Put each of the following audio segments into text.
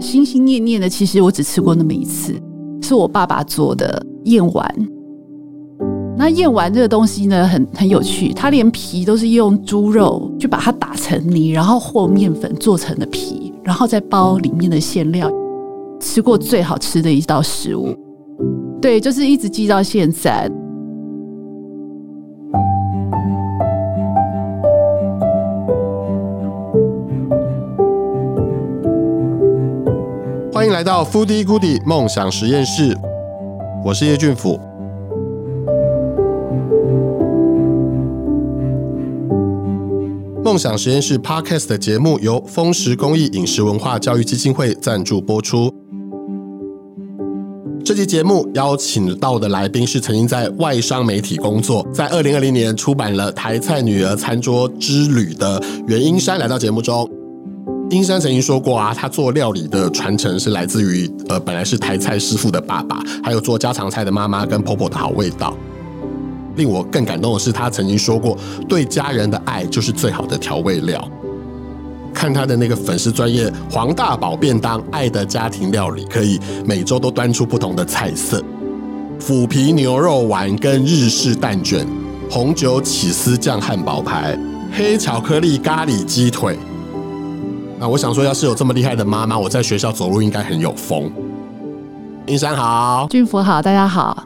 心心念念的，其實我只吃過那麼一次，是我爸爸做的燕丸。那燕丸這個東西呢，很很有趣，它連皮都是用豬肉去把它打成泥，然後和麵粉做成的皮，然後再包裡面的餡料。吃過最好吃的一道食物，對，就是一直記到現在。歡迎來到 Foodie Goodie 夢想實驗室，我是葉俊甫。夢想實驗室 Podcast 的節目由灃食公益飲食文化教育基金會贊助播出。這期節目邀請到的來賓是曾經在外商媒體工作，在二零二零年出版了《台菜女兒餐桌之旅》的袁櫻珊，來到節目中。櫻珊曾經說過啊，他做料理的傳承是來自於呃，本來是台菜師傅的爸爸，還有做家常菜的媽媽跟婆婆的好味道。令我更感動的是，他曾經說過，對家人的愛就是最好的調味料。看他的那個粉絲專頁黃大寶便當，愛的家庭料理，可以每周都端出不同的菜色：腐皮牛肉丸跟日式蛋卷，紅酒起司醬漢堡排，黑巧克力咖喱雞腿。那我想說，要是有這麼厲害的媽媽，我在學校走路應該很有風。櫻珊好，俊甫好，大家好。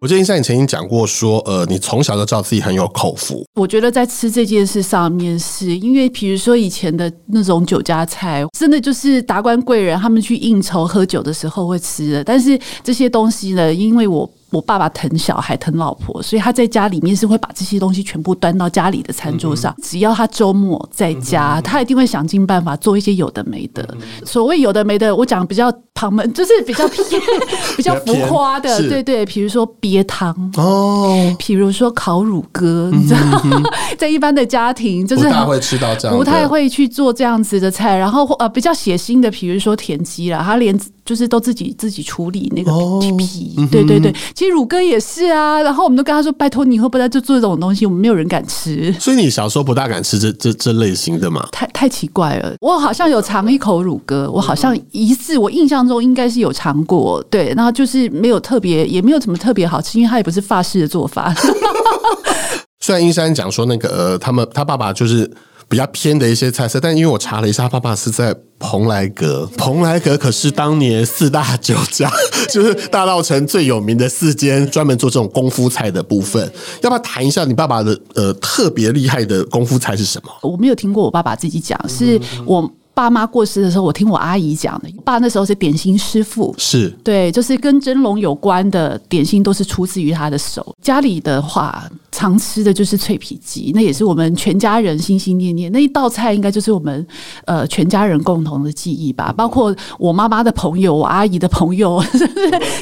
我記得櫻珊你曾經講過說，說呃，你從小就知道自己很有口福。我覺得在吃這件事上面是，是因為比如說以前的那種酒家菜，真的就是達官貴人他們去應酬喝酒的時候會吃的。但是這些東西呢，因為我。我爸爸疼小孩，疼老婆，所以他在家裡面是會把這些東西全部端到家裡的餐桌上。嗯、哼只要他周末在家，嗯、哼他一定會想盡辦法做一些有的沒的。嗯、哼所謂有的沒的，我講比較旁門，就是比較偏、 比較浮誇的。對，對對，比如說鱉湯哦，比如說烤乳鴿。你知道嗎？在一般的家庭，就是不太會吃到這樣，不太會去做這樣子的菜。對然後呃，比較血腥的，比如說田雞了，他連。就是都自己自己處理那個皮，對對對，哦嗯、其實乳鴿也是啊。然後我們都跟他說：“拜托，你以後不要再做這種東西，我們沒有人敢吃。”所以你小時候不大敢吃這這這類型的嘛？太太奇怪了。我好像有嘗一口乳鴿，我好像一次我印象中應該是有嘗過，嗯、對，然後就是沒有特別，也沒有什麼特別好吃，因為它也不是法式的做法。 雖然英山講說那個呃，他們他爸爸就是。比較偏的一些菜色，但因為我查了一下，他爸爸是在蓬萊閣。蓬萊閣可是當年四大酒家，就是大稻埕最有名的四間，專門做這種功夫菜的部分。要不要談一下你爸爸的呃特別厲害的功夫菜是什麼？我沒有聽過我爸爸自己講，是我嗯嗯嗯。爸媽過世的時候，我聽我阿姨講的。爸那時候是點心師傅，是對，就是跟蒸籠有關的點心都是出自於他的手。家裡的話，常吃的就是脆皮雞，那也是我們全家人心心念念那一道菜，應該就是我們呃全家人共同的記憶吧。包括我媽媽的朋友，我阿姨的朋友，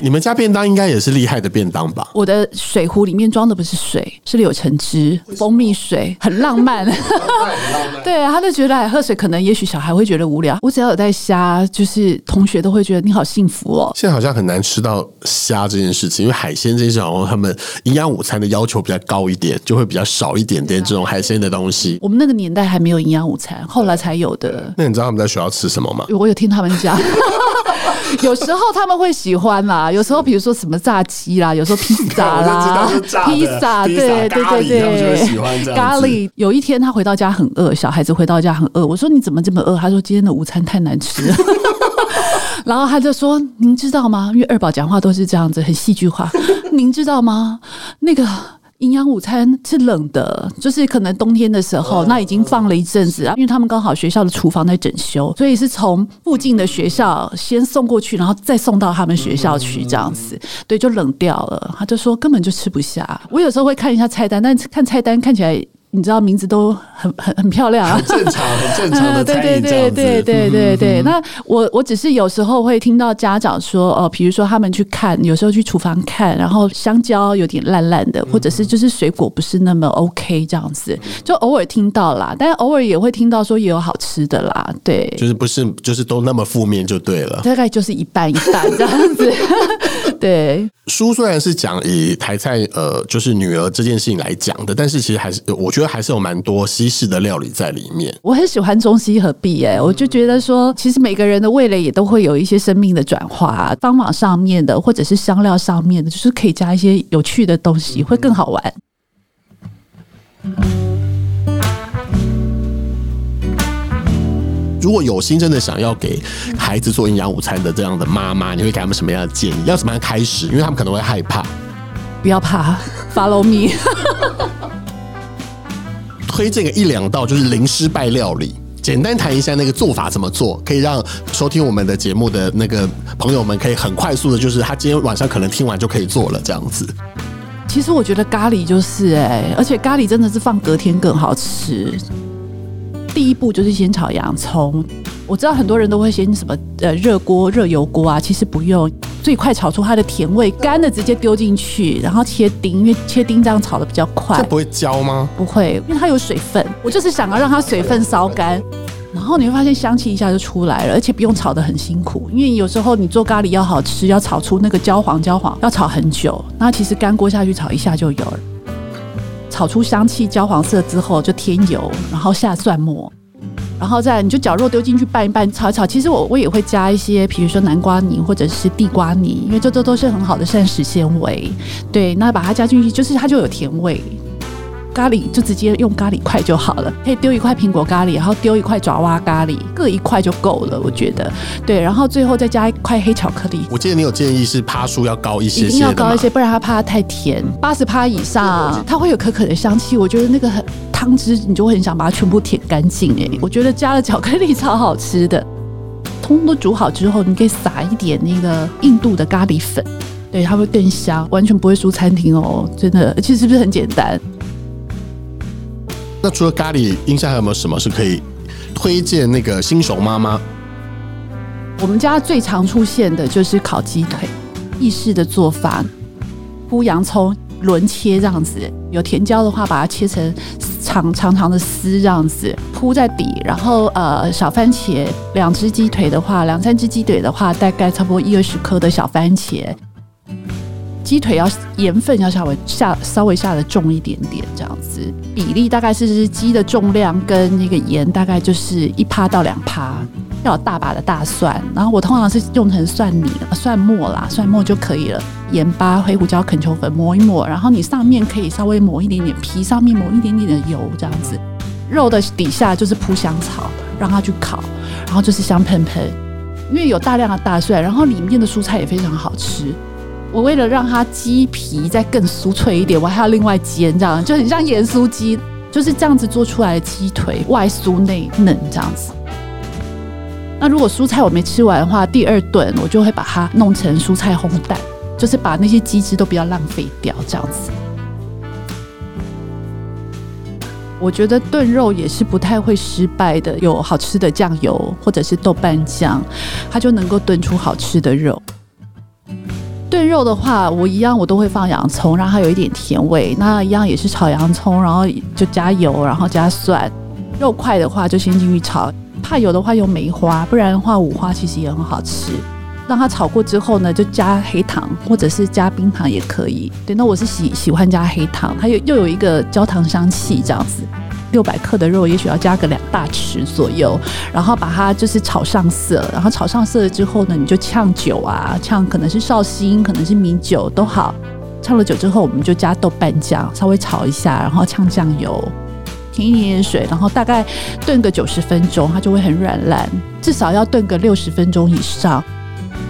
你們家便當應該也是厲害的便當吧？我的水壺裡面裝的不是水，是柳橙汁、蜂蜜水，很浪漫。 浪漫浪漫，對，他就覺得喝水可能，也許小孩會。覺得無聊，我只要有帶蝦，就是同學都會覺得你好幸福哦。現在好像很難吃到蝦這件事情，因為海鮮這些小朋友他們營養午餐的要求比較高一點，就會比較少一點點這種海鮮的東西。嗯、我們那個年代還沒有營養午餐，後來才有的、嗯。那你知道他們在學校吃什麼嗎？我有聽他們講， 有時候他們會喜歡啦，有時候比如說什麼炸雞啦，有時候披薩啦， 披薩，披薩，對對對，咖喱就會喜歡這咖喱，有一天他回到家很餓，小孩子回到家很餓，我說你怎麼這麼餓？他說。說今天的午餐太難吃了， 然後他就說：“您知道嗎？因為二寶講話都是這樣子，很戲劇化。您知道嗎？那個營養午餐是冷的，就是可能冬天的時候，那已經放了一陣子啊。因為他們剛好學校的廚房在整修，所以是從附近的學校先送過去，然後再送到他們學校去，這樣子。對，就冷掉了。他就說根本就吃不下。我有時候會看一下菜單，但看菜單看起來……你知道名字都很很很漂亮，啊，很正常，很正常的、嗯，對對對對對對對。嗯、那我我只是有時候會聽到家長說哦、呃，比如說他們去看，有時候去廚房看，然後香蕉有點爛爛的，或者是就是水果不是那麼 OK 這樣子，就偶爾聽到啦。但是偶爾也會聽到說也有好吃的啦，對，就是不是就是都那麼負面就對了，大概就是一半一半這樣子。 對，書雖然是講以台菜呃，就是女兒這件事情來講的，但是其實還是我覺得。還是有蠻多西式的料理在裡面。我很喜歡中西合璧、欸，哎，我就覺得說，其實每個人的味蕾也都會有一些生命的轉化，方法上面的，或者是香料上面的，就是可以加一些有趣的東西，會更好玩。如果有心真的想要給孩子做營養午餐的這樣的媽媽，你會給他們什麼樣的建議？要怎麼樣開始？因為他們可能會害怕。不要怕，Follow me。 推薦個一兩道就是零失敗料理，簡單談一下那個做法怎麼做，可以讓收聽我們的節目的那個朋友們可以很快速的，就是他今天晚上可能聽完就可以做了這樣子。其實我覺得咖喱就是哎、欸，而且咖喱真的是放隔天更好吃。第一步就是先炒洋蔥，我知道很多人都會先什麼呃熱鍋熱油鍋啊，其實不用，最快炒出它的甜味，乾的直接丟進去，然後切丁，因為切丁這樣炒的比較快。這不會焦嗎？不會，因為它有水分。我就是想要讓它水分燒乾，然後你會發現香氣一下就出來了，而且不用炒的很辛苦。因為有時候你做咖喱要好吃，要炒出那個焦黃焦黃，要炒很久。那其實乾鍋下去炒一下就有了，炒出香氣焦黃色之後就添油，然後下蒜末。然後再你就絞肉丟進去拌一拌炒一炒，其實我我也會加一些，比如說南瓜泥或者是地瓜泥，因為這這都是很好的膳食纖維，對，那把它加進去，就是它就有甜味。咖喱就直接用咖喱塊就好了，可以丟一塊蘋果咖喱，然後丟一塊爪哇咖喱，各一塊就夠了，我覺得。對，然後最後再加一塊黑巧克力。我記得你有建議是，趴數要高一些，些，一定要高一些，不然它怕它太甜。八十趴以上，它會有可可的香氣。我覺得那個湯汁你就會很想把它全部舔乾淨誒、欸，嗯、我覺得加了巧克力超好吃的。通通都煮好之後，你可以撒一點那個印度的咖喱粉，對，它會更香，完全不會輸餐廳哦，真的。而且是不是很簡單？那除了咖喱，冰箱還有沒有什麼是可以推薦那個新手媽媽？我們家最常出現的就是烤雞腿，意式的做法，鋪洋蔥輪切這樣子，有甜椒的話，把它切成長長長的絲這樣子鋪在底，然後呃小番茄，兩隻雞腿的話，兩三隻雞腿的話，大概差不多一二十顆的小番茄。雞腿要鹽分要稍微下稍微下的重一點點，這樣子比例大概是雞的重量跟那個鹽大概就是一趴到兩趴，要有大把的大蒜，然後我通常是用成蒜泥蒜末啦，蒜末就可以了，鹽巴、黑胡椒、肯瓊粉抹一抹，然後你上面可以稍微抹一點點皮，皮上面抹一點點的油這樣子，肉的底下就是鋪香草，讓它去烤，然後就是香噴噴，因為有大量的大蒜，然後裡面的蔬菜也非常好吃。我為了讓它雞皮再更酥脆一點，我還要另外煎，這樣就很像讓鹽酥雞就是這樣子做出來的雞腿，外酥內嫩這樣子。那如果蔬菜我沒吃完的話，第二頓我就會把它弄成蔬菜烘蛋，就是把那些雞汁都不要浪費掉這樣子。我覺得燉肉也是不太會失敗的，有好吃的醬油或者是豆瓣醬，它就能夠燉出好吃的肉。肉的話，我一樣我都會放洋蔥，讓它有一點甜味。那一樣也是炒洋蔥，然後就加油，然後加蒜。肉塊的話就先進去炒，怕油的話用梅花，不然的話五花其實也很好吃。讓它炒過之後呢，就加黑糖或者是加冰糖也可以。對，那我是喜喜歡加黑糖，它又又有一個焦糖香氣這樣子。六百克的肉，也許要加個兩大匙左右，然後把它就是炒上色，然後炒上色了之後呢，你就嗆酒啊，嗆可能是紹興，可能是米酒都好，嗆了酒之後，我們就加豆瓣醬，稍微炒一下，然後嗆醬油，添一點點水，然後大概燉個九十分鐘，它就會很軟爛，至少要燉個六十分鐘以上，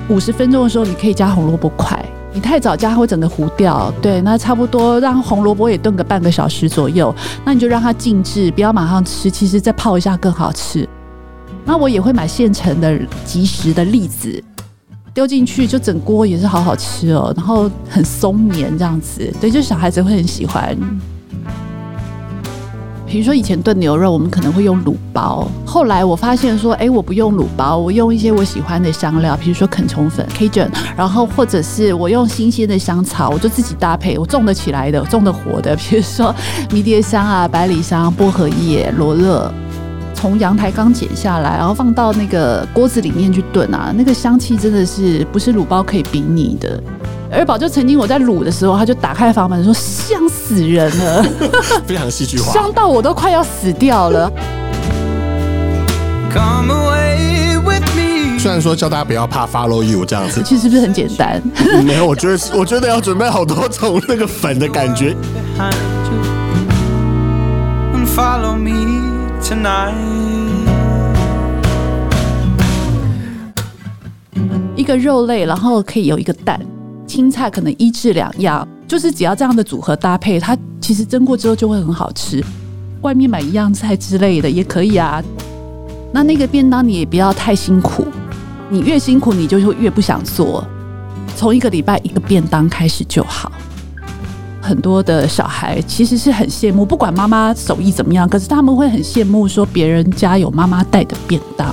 五十分鐘的時候你可以加紅蘿蔔塊。你太早加，它會整個糊掉，對，那差不多讓紅蘿蔔也燉個半個小時左右，那你就讓它靜置，不要馬上吃，其實再泡一下更好吃。那我也會買現成的即食的栗子，丟進去就整鍋也是好好吃哦，然後很鬆綿這樣子，對，就小孩子會很喜歡。比如說以前燉牛肉，我們可能會用滷包。後來我發現說，哎，我不用滷包，我用一些我喜歡的香料，比如說肯蟲粉、Cajun，然後或者是我用新鮮的香草，我就自己搭配，我種得起來的、種得活的，比如說迷迭香啊、百里香、薄荷葉、羅勒，從陽台剛剪下來，然後放到那個鍋子裡面去燉啊，那個香氣真的是不是滷包可以比擬的。二寶就曾經我在滷的時候，他就打開房門說：“香死人了， 非常戲劇化，香到我都快要死掉了。”雖然說叫大家不要怕，Follow you 這樣子，其實是不是很簡單？嗯，沒有，我覺得我覺得要準備好多種那個粉的感覺。 一個肉類，然後可以有一個蛋。青菜可能一至兩樣，就是只要這樣的組合搭配，它其實蒸過之後就會很好吃。外面買一樣菜之類的也可以啊。那那個便當你也不要太辛苦，你越辛苦你就會越不想做。從一個禮拜一個便當開始就好。很多的小孩其實是很羨慕，不管媽媽手藝怎麼樣，可是他們會很羨慕說別人家有媽媽帶的便當。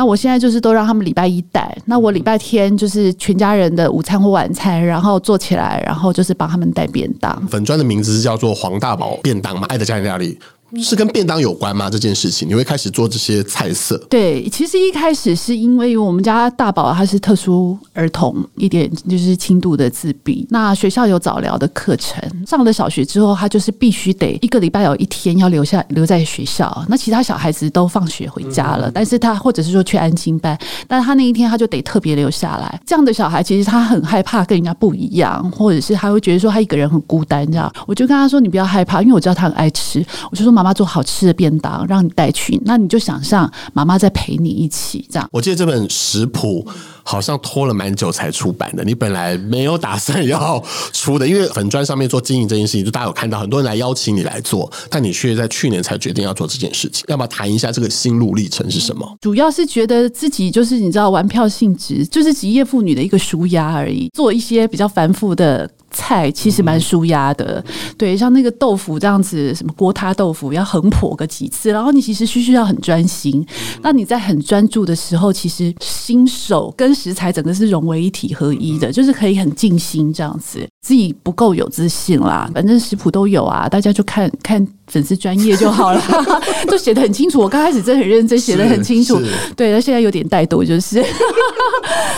那我現在就是都讓他們禮拜一帶，那我禮拜天就是全家人的午餐或晚餐，然後做起來，然後就是幫他們帶便當。粉專的名字是叫做黃大寶便當嘛，愛的家庭料理是跟便當有關嗎？這件事情你會開始做這些菜色？對，其實一開始是因為我們家大寶他是特殊兒童一點，就是輕度的自閉。那學校有早療的課程，上了小學之後，他就是必須得一個禮拜有一天要留下，留在學校。那其他小孩子都放學回家了，嗯哼，但是他或者是說去安親班，但他那一天他就得特別留下來。這樣的小孩其實他很害怕跟人家不一樣，或者是他會覺得說他一個人很孤單，這樣我就跟他說：“你不要害怕，因為我知道他很愛吃。”我就說。媽媽做好吃的便當，讓你帶去。那你就想象媽媽在陪你一起這樣。我記得這本食譜好像拖了蠻久才出版的，你本來沒有打算要出的，因為粉專上面做經營這件事情，就大家有看到很多人來邀請你來做，但你卻在去年才決定要做這件事情。要不要談一下這個心路歷程是什麼？主要是覺得自己就是你知道玩票性質，就是職業婦女的一個紓壓而已，做一些比較繁複的。菜其實蠻舒壓的，對，像那個豆腐這樣子，什麼鍋塌豆腐要橫破個幾次，然後你其實需需要很專心，那你在很專注的時候，其實新手跟食材整個是融為一體合一的，就是可以很靜心這樣子。自己不夠有自信啦，反正食譜都有啊，大家就看看粉絲專業就好了， 就寫的很清楚。我剛開始真的很認真寫的是很清楚，對，但現在有點怠惰，就是。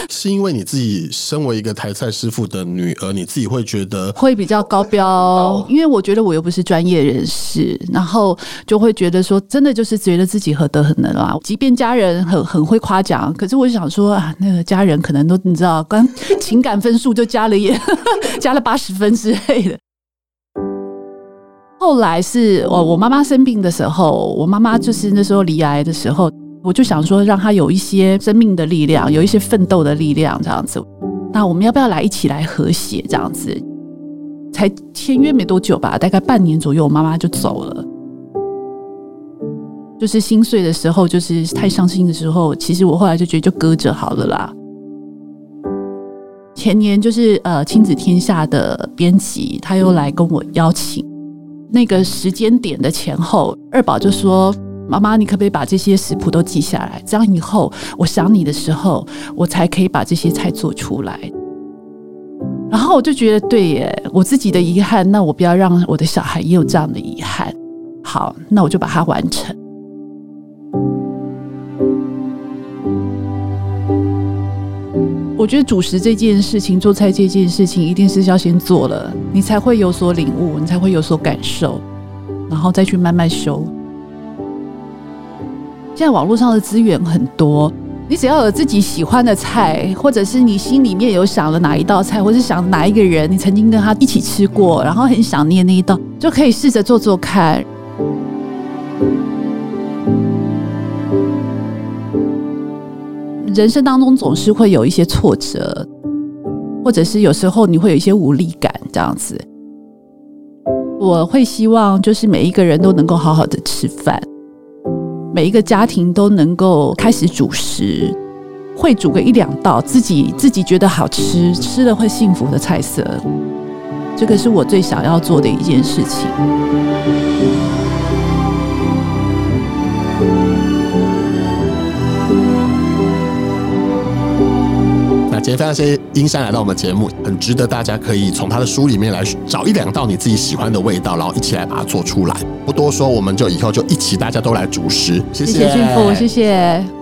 是因為你自己身為一個台菜師傅的女兒，你自己會覺得會比較高標，好因為我覺得我又不是專業人士，然後就會覺得說，真的就是覺得自己何德何能啊。即便家人很很會誇獎，可是我想說啊，那個家人可能都你知道，剛情感分數就加了也 加。拿了八十分之類的。後來是我我媽媽生病的時候，我媽媽就是那時候罹癌的時候，我就想說讓她有一些生命的力量，有一些奮鬥的力量這樣子。那我們要不要來一起來和諧這樣子？才簽約沒多久吧，大概半年左右，我媽媽就走了。就是心碎的時候，就是太傷心的時候，其實我後來就覺得就擱着好了啦。前年就是呃，親子天下的編輯，他又來跟我邀請。那個時間點的前後，二寶就說：“媽媽，你可不可以把這些食譜都記下來？這樣以後我想你的時候，我才可以把這些菜做出來。”然後我就覺得對耶，我自己的遺憾，那我不要讓我的小孩也有這樣的遺憾。好，那我就把它完成。我覺得主食這件事情，做菜這件事情，一定是要先做了，你才會有所領悟，你才會有所感受，然後再去慢慢修。現在網絡上的資源很多，你只要有自己喜歡的菜，或者是你心裡面有想了哪一道菜，或是想哪一個人，你曾經跟他一起吃過，然後很想念那一道，就可以試着做做看。人生當中總是會有一些挫折，或者是有時候你會有一些無力感這樣子。我會希望就是每一個人都能夠好好的吃飯，每一個家庭都能夠開始煮食，會煮個一兩道自己自己覺得好吃、吃了會幸福的菜色，這個是我最想要做的一件事情。今天非常謝謝櫻珊來到我們節目，很值得大家可以從他的書裡面來找一兩道你自己喜歡的味道，然後一起來把它做出來。不多說，我們就以後就一起，大家都來煮食。謝謝俊甫，謝謝。